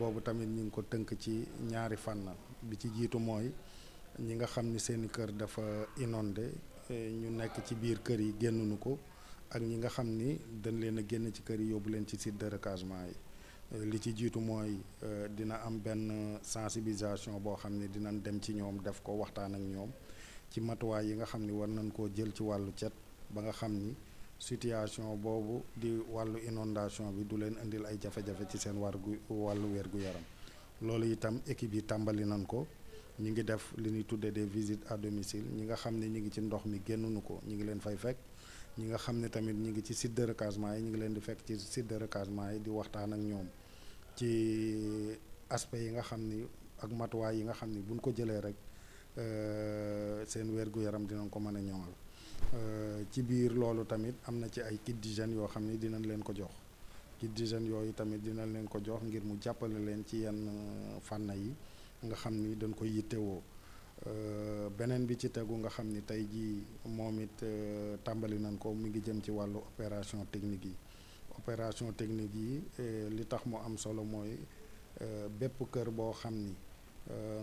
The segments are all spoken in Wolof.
boobu tamit ñu ngi ko tënk ci ñaari fànn bi ci jiitu mooy ñi nga xam ni seeni kër dafa inondé eh, ñu nekk ci biir kër yi génnuñu ko ak ñi nga xam ni dañ leen a génn ci kër yi yóbbu leen ci site de recasement yi eh, li ci jiitu mooy eh, dina am benn sensibilisation boo xam ni dina dem ci ñoom def ko waxtaan ak ñoom ci matuwaay yi nga xam ni war nañ koo jël ci wàllu cet ba nga xam ni situation boobu di wàllu inondation bi du leen indil ay jafe-jafe ci seen war gu wàllu wér gu yaram loolu itam équipe yi tàmbali nañ ko ñi ngi def li ñuy tuddee des visites à domicile ñi nga xam ne ñi ngi ci ndox mi génnuñu ko ñi ngi leen fay fekk ñi nga xam ne tamit ñi ngi ci site de yi ñi ngi leen di fekk ci site de recasement yi di waxtaan ak ñoom ci aspect yi nga xam ni ak matuwaay yi nga xam ni buñ ko jëlee rek euh, seen wér gu yaram dinañ ko mën a ñoŋal Euh, ci biir loolu tamit am na ci ay kit d'hygiène yoo xam ni dinañ leen ko jox di d'hygiène yooyu tamit dinañ leen ko jox ngir mu jàppale leen ci yenn euh, fànna yi nga xam ni dañ koy yittewoo euh, beneen bi ci tegu nga xam ni tey jii moom it tàmbali nañ ko mu ngi jëm ci wàllu opération technique yi opération technique yi li tax mu am solo mooy bépp kër boo xam ni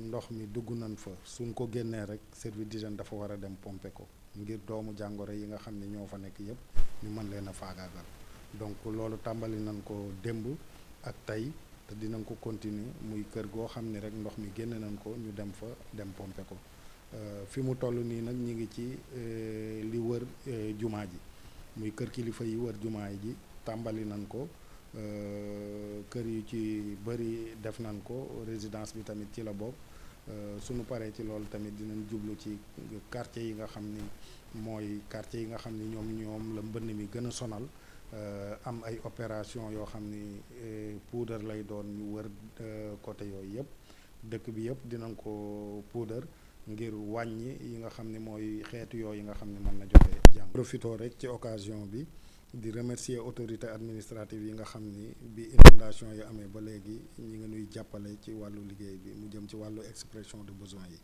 ndox mi dugg nañ fa suñ ko génnee rek service d'hygiène dafa war a dem pompe ko ngir doomu jàngoro yi nga xam ne ñoo fa nekk yëpp ñu mën leen a faagaagal donc loolu tàmbali nañ ko démb ak tey te dinañ ko continuer muy kër goo xam ne rek ndox mi génn nañ ko ñu dem fa dem pomper ko euh, fi mu toll nii nag ñu ngi ci euh, li wër euh, jumaa ji muy kër kilifa yi wër jumaa ji tàmbali nañ ko kër yu ci bëri def nañ ko résidence bi tamit ci la bokk. Euh, sunu paree ci loolu tamit dinañ jublu ci quartier yi nga xam ni mooy quartier yi nga xam ni ñoom ñoom la mbënn mi gën a sonal euh, am ay opération yoo xam ni euh, puudar lay doon ñu wër côté yooyu yëpp dëkk bi yëpp dinañ ko puudar ngir wàññi yi nga xam ni mooy xeetu yooyu nga xam ne mën na joxe jàng profitoo rek ci occasion bi di remercier autorité administrative yi nga xam ni bi inondation yi amee ba léegi ñi ngi nuy jàppale ci wàllu liggéey bi mu jëm ci wàllu expression de besoin yi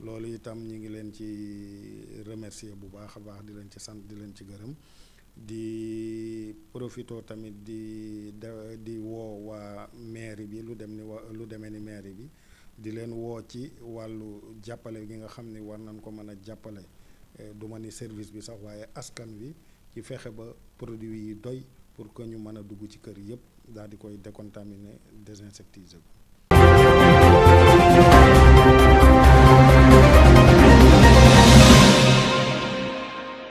loolu itam ñi ngi leen ci remercier bu baax a baax di leen ci sant di leen ci gërëm di profito tamit di di woo waa mairie bi lu dem ni wa lu demee ni mairie bi di leen woo ci wàllu jàppale gi nga xam ni war nañ ko mën a jàppale eh, du ni service bi sax waaye askan wi ci fexe ba produit yi doy pour que ñu mën a dugg ci kër yëpp daal di koy décontaminer désinsectiser ko